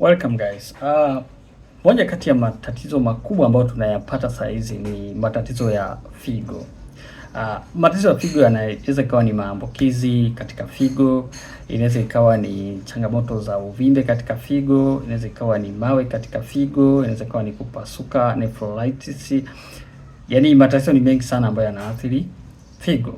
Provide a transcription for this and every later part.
Welcome guys. Uh, moja kati ya matatizo makubwa ambayo tunayapata saa hizi ni matatizo ya figo. Uh, matatizo ya figo yanaweza ikawa ni maambukizi katika figo, inaweza ikawa ni changamoto za uvimbe katika figo, inaweza ikawa ni mawe katika figo, inaweza ikawa ni kupasuka nephrolitis. Yaani matatizo ni mengi sana ambayo yanaathiri figo.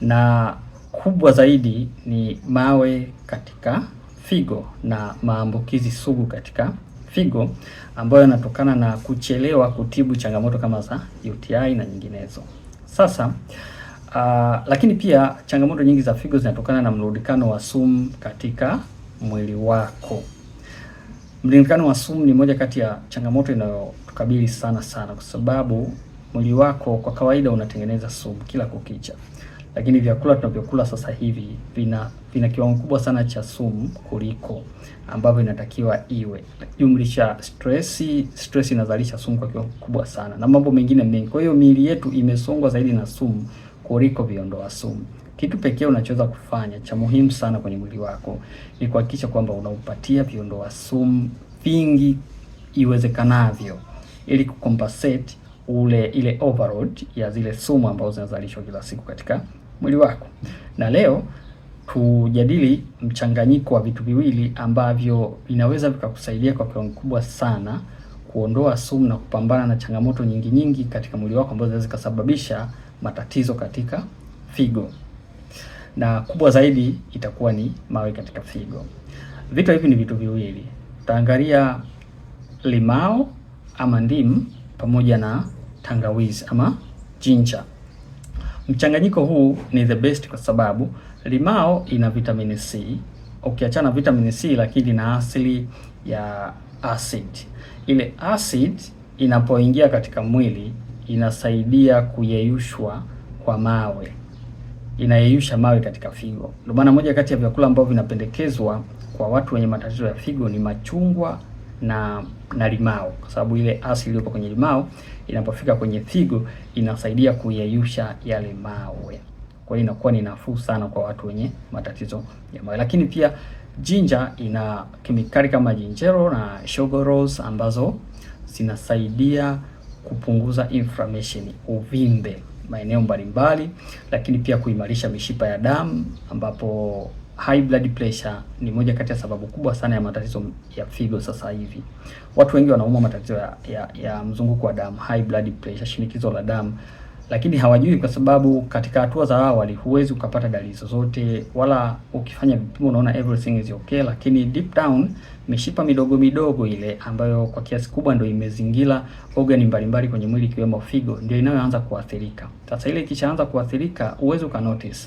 Na kubwa zaidi ni mawe katika figo na maambukizi sugu katika figo ambayo yanatokana na kuchelewa kutibu changamoto kama za UTI na nyinginezo. Sasa uh, lakini pia changamoto nyingi za figo zinatokana na mrudikano wa sumu katika mwili wako. Mrudikano wa sumu ni moja kati ya changamoto inayotukabili sana sana, kwa sababu mwili wako kwa kawaida unatengeneza sumu kila kukicha lakini vyakula tunavyokula sasa hivi vina vina kiwango kubwa sana cha sumu kuliko ambavyo inatakiwa iwe. Jumlisha stress, stress inazalisha sumu kwa kiwango kubwa sana na mambo mengine mengi. Kwa hiyo miili yetu imesongwa zaidi na sumu kuliko viondoa sumu. Kitu pekee unachoweza kufanya cha muhimu sana kwenye mwili wako ni kuhakikisha kwamba unaupatia viondoa sumu vingi iwezekanavyo ili kucompensate ule ile overload ya zile sumu ambazo zinazalishwa kila siku katika mwili wako. Na leo tujadili mchanganyiko wa vitu viwili ambavyo vinaweza vikakusaidia kwa kiwango kikubwa sana kuondoa sumu na kupambana na changamoto nyingi nyingi katika mwili wako ambazo zinaweza zikasababisha matatizo katika figo, na kubwa zaidi itakuwa ni mawe katika figo. Vitu hivi ni vitu viwili, tutaangalia limao ama ndimu pamoja na tangawizi ama jinja. Mchanganyiko huu ni the best kwa sababu limao ina vitamini C, ukiachana vitamini C lakini na asili ya acid. Ile acid inapoingia katika mwili inasaidia kuyeyushwa kwa mawe, inayeyusha mawe katika figo. Ndio maana moja kati ya vyakula ambavyo vinapendekezwa kwa watu wenye matatizo ya figo ni machungwa na na limao, kwa sababu ile asidi iliyopo kwenye limao inapofika kwenye figo inasaidia kuyeyusha yale mawe. Kwa hiyo inakuwa ni nafuu sana kwa watu wenye matatizo ya mawe, lakini pia jinja ina kemikali kama jinjero na sugar rose ambazo zinasaidia kupunguza inflammation, uvimbe maeneo mbalimbali, lakini pia kuimarisha mishipa ya damu ambapo high blood pressure ni moja kati ya sababu kubwa sana ya matatizo ya figo. Sasa hivi watu wengi wanaumwa matatizo ya, ya, ya mzunguko wa damu, high blood pressure, shinikizo la damu, lakini hawajui, kwa sababu katika hatua za awali huwezi ukapata dalili zozote, wala ukifanya vipimo unaona everything is okay, lakini deep down mishipa midogo midogo ile ambayo kwa kiasi kubwa ndio imezingira organi mbalimbali kwenye mwili ikiwemo figo ndio inayoanza kuathirika. Sasa ile ikishaanza kuathirika, uwezo notice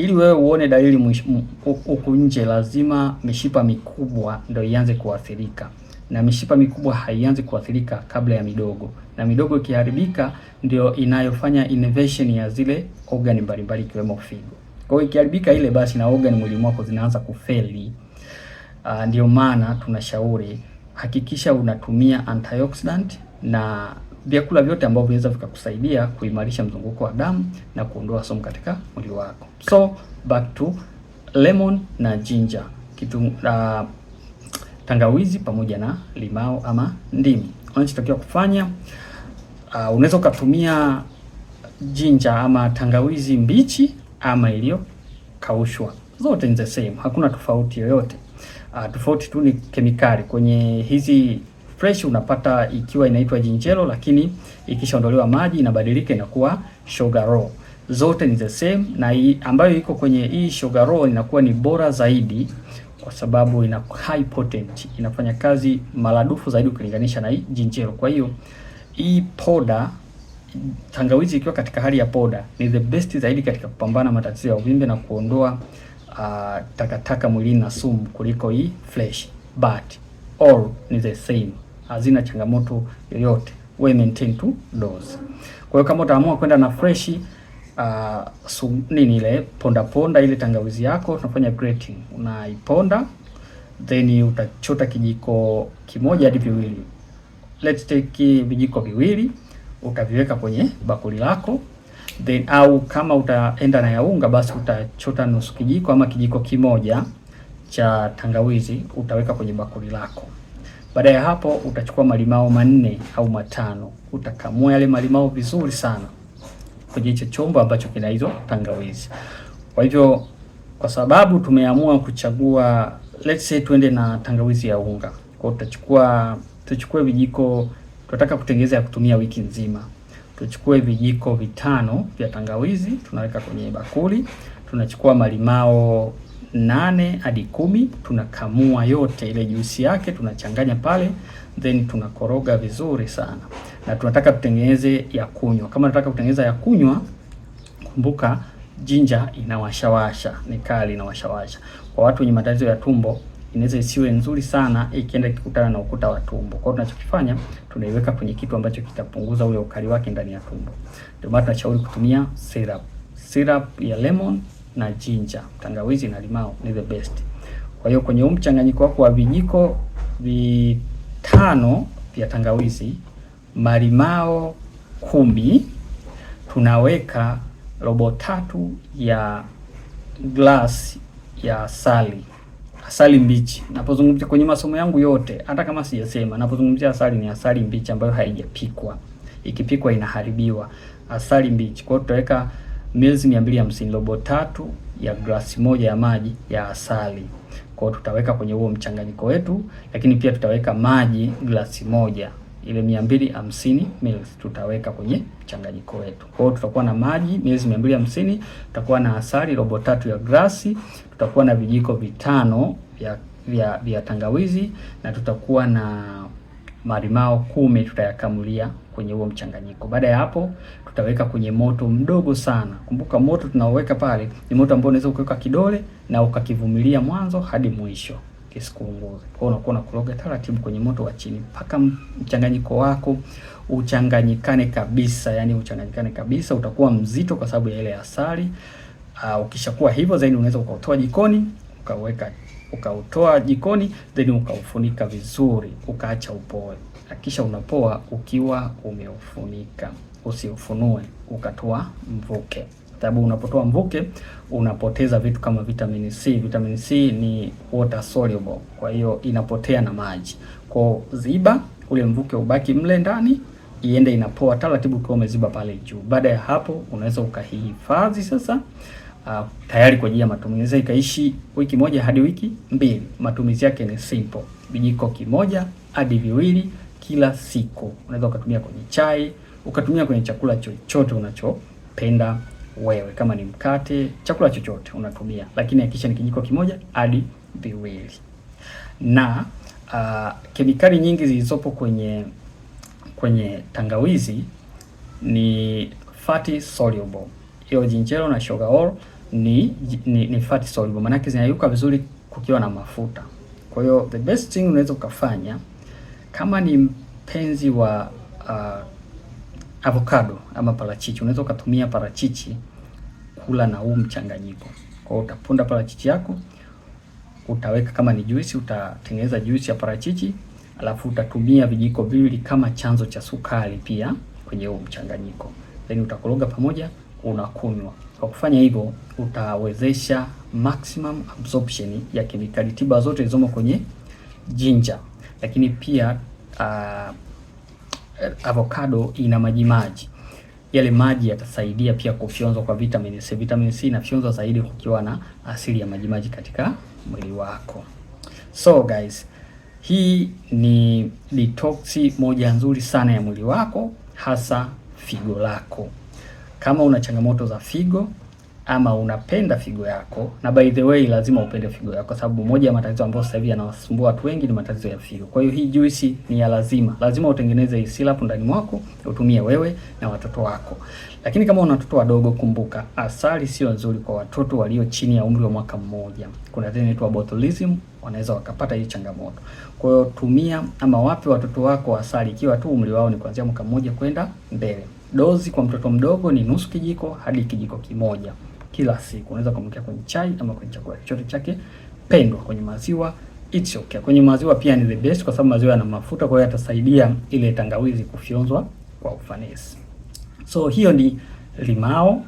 ili wewe uone dalili huku nje, lazima mishipa mikubwa ndio ianze kuathirika, na mishipa mikubwa haianzi kuathirika kabla ya midogo, na midogo ikiharibika ndio inayofanya innervation ya zile organ mbalimbali ikiwemo figo. Kwa hiyo ikiharibika ile, basi na organ mwili wako zinaanza kufeli. Uh, ndio maana tunashauri hakikisha unatumia antioxidant na vyakula vyote ambavyo vinaweza vikakusaidia kuimarisha mzunguko wa damu na kuondoa sumu katika mwili wako. So back to lemon na ginger, kitu uh, tangawizi pamoja na limao ama ndimu. Unachotakiwa kufanya uh, unaweza ukatumia ginger ama tangawizi mbichi ama iliyokaushwa, zote ni the same, hakuna tofauti yoyote. Uh, tofauti tu ni kemikali kwenye hizi fresh unapata ikiwa inaitwa jinjelo, lakini ikishaondolewa maji inabadilika inakuwa sugar raw. Zote ni the same, na hii ambayo iko kwenye hii sugar raw inakuwa ni bora zaidi kwa sababu ina high potent, inafanya kazi maradufu zaidi ukilinganisha na hii jinjelo. Kwa hiyo hii poda tangawizi ikiwa katika hali ya poda ni the best zaidi katika kupambana matatizo ya uvimbe na kuondoa uh, ah, taka mwilini na sumu kuliko hii fresh, but all ni the same hazina changamoto yoyote, we maintain tu dose. Kwa hiyo kama utaamua kwenda na fresh uh, su, nini ile ponda ponda ile tangawizi yako, tunafanya grating, unaiponda then utachota kijiko kimoja hadi viwili, let's take vijiko viwili utaviweka kwenye bakuli lako then au kama utaenda na ya unga basi utachota nusu kijiko ama kijiko kimoja cha tangawizi utaweka kwenye bakuli lako. Baada ya hapo utachukua malimao manne au matano, utakamua yale malimao vizuri sana kwenye hicho chombo ambacho kina hizo tangawizi. Kwa hivyo, kwa sababu tumeamua kuchagua let's say tuende na tangawizi ya unga, kwa utachukua tuchukue vijiko, tunataka kutengeneza ya kutumia wiki nzima. Tuchukue vijiko vitano vya tangawizi, tunaweka kwenye bakuli, tunachukua malimao nane hadi kumi, tunakamua yote ile juisi yake, tunachanganya pale, then tunakoroga vizuri sana, na tunataka tutengeneze ya kunywa. Kama tunataka kutengeneza ya kunywa, kumbuka jinja inawashawasha, ni kali, inawashawasha. Kwa watu wenye matatizo ya tumbo inaweza isiwe nzuri sana ikienda ikikutana na ukuta wa tumbo. Kwa hiyo tunachokifanya tunaiweka kwenye kitu ambacho kitapunguza ule ukali wake ndani ya tumbo. Ndio maana tunashauri kutumia syrup. Syrup ya lemon na chinja, tangawizi na limao ni the best. Kwa hiyo kwenye mchanganyiko wako wa vijiko vitano vya tangawizi, malimao kumi, tunaweka robo tatu ya glass ya asali, asali mbichi. Napozungumzia kwenye masomo yangu yote, hata kama sijasema, napozungumzia asali ni asali mbichi ambayo haijapikwa, ikipikwa inaharibiwa. Asali mbichi, kwa hiyo tutaweka mils 250, robo tatu ya glasi moja ya maji ya asali. Kwa tutaweka kwenye huo mchanganyiko wetu, lakini pia tutaweka maji glasi moja ile 250 ml tutaweka kwenye mchanganyiko wetu. Kwa hiyo tutakuwa na maji ml 250, tutakuwa na asali robo tatu ya glasi, tutakuwa na vijiko vitano vya vya, vya tangawizi na tutakuwa na marimao kumi tutayakamulia kwenye huo mchanganyiko. Baada ya hapo, tutaweka kwenye moto mdogo sana. Kumbuka moto tunaoweka pale ni moto ambao unaweza ukaweka kidole na ukakivumilia mwanzo hadi mwisho kisikuunguze. Kwa hiyo unakuwa unakoroga taratibu kwenye moto wa chini mpaka mchanganyiko wako uchanganyikane kabisa, yani uchanganyikane kabisa, utakuwa mzito kwa sababu ya ile asali. Uh, ukishakuwa hivyo zaidi unaweza ukautoa jikoni ukaweka ukautoa jikoni, then ukaufunika vizuri, ukaacha upoe, na kisha unapoa ukiwa umeufunika, usiufunue ukatoa mvuke, sababu unapotoa mvuke unapoteza vitu kama vitamini C. Vitamini C ni water soluble, kwa hiyo inapotea na maji. Kwa ziba ule mvuke ubaki mle ndani iende inapoa taratibu, ukiwa umeziba pale juu. Baada ya hapo, unaweza ukahifadhi sasa uh, tayari kwa ajili ya matumizi, ikaishi wiki moja hadi wiki mbili. Matumizi yake ni simple, vijiko kimoja hadi viwili kila siku. Unaweza ukatumia kwenye chai, ukatumia kwenye chakula chochote unachopenda wewe, kama ni mkate, chakula chochote unatumia, lakini hakikisha ni kijiko kimoja hadi viwili. Na uh, kemikali nyingi zilizopo kwenye kwenye tangawizi ni fatty soluble, hiyo jinjero na sugar oil ni, ni, ni fat soluble, maanake zinayuka vizuri kukiwa na mafuta. Kwa hiyo the best thing unaweza ukafanya kama ni mpenzi wa uh, avocado ama parachichi, unaweza ukatumia parachichi kula na huu mchanganyiko. Kwa hiyo utapunda parachichi yako, utaweka kama ni juisi, utatengeneza juisi ya parachichi, alafu utatumia vijiko viwili kama chanzo cha sukari pia kwenye huu mchanganyiko, then utakoroga pamoja unakunywa. Kwa kufanya hivyo, utawezesha maximum absorption ya kemikali tiba zote zilizomo kwenye ginger, lakini pia uh, avocado ina maji maji yale maji yatasaidia pia kufyonzwa kwa vitamin C. Vitamin C inafyonzwa zaidi kukiwa na asili ya majimaji katika mwili wako. So guys, hii ni detox moja nzuri sana ya mwili wako, hasa figo lako. Kama una changamoto za figo ama unapenda figo yako, na by the way lazima upende figo yako, sababu moja ya matatizo ambayo sasa hivi yanawasumbua watu wengi ni matatizo ya figo. Kwa hiyo hii juisi ni ya lazima, lazima utengeneze hii syrup ndani mwako utumie wewe na watoto wako. Lakini kama una watoto wadogo, kumbuka asali sio nzuri kwa watoto walio chini ya umri wa mwaka mmoja. Kuna tatizo inaitwa botulism, wanaweza wakapata hii changamoto. Kwa hiyo tumia ama wape watoto wako asali ikiwa tu umri wao ni kuanzia mwaka mmoja kwenda mbele. Dozi kwa mtoto mdogo ni nusu kijiko hadi kijiko kimoja kila siku. Unaweza kumwekea kwenye chai ama kwenye chakula chochote chake pendwa, kwenye maziwa it's okay. Kwenye maziwa pia ni the best, kwa sababu maziwa yana mafuta, kwa hiyo yatasaidia ile tangawizi kufyonzwa kwa ufanisi. So hiyo ni limao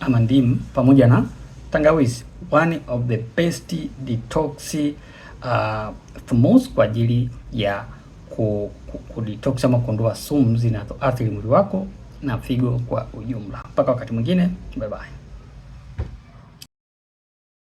ama ndimu pamoja na tangawizi, one of the best detox uh, kwa ajili ya detox ama kuondoa sumu zinazoathiri mwili wako na figo kwa ujumla. Mpaka wakati mwingine, bye bye.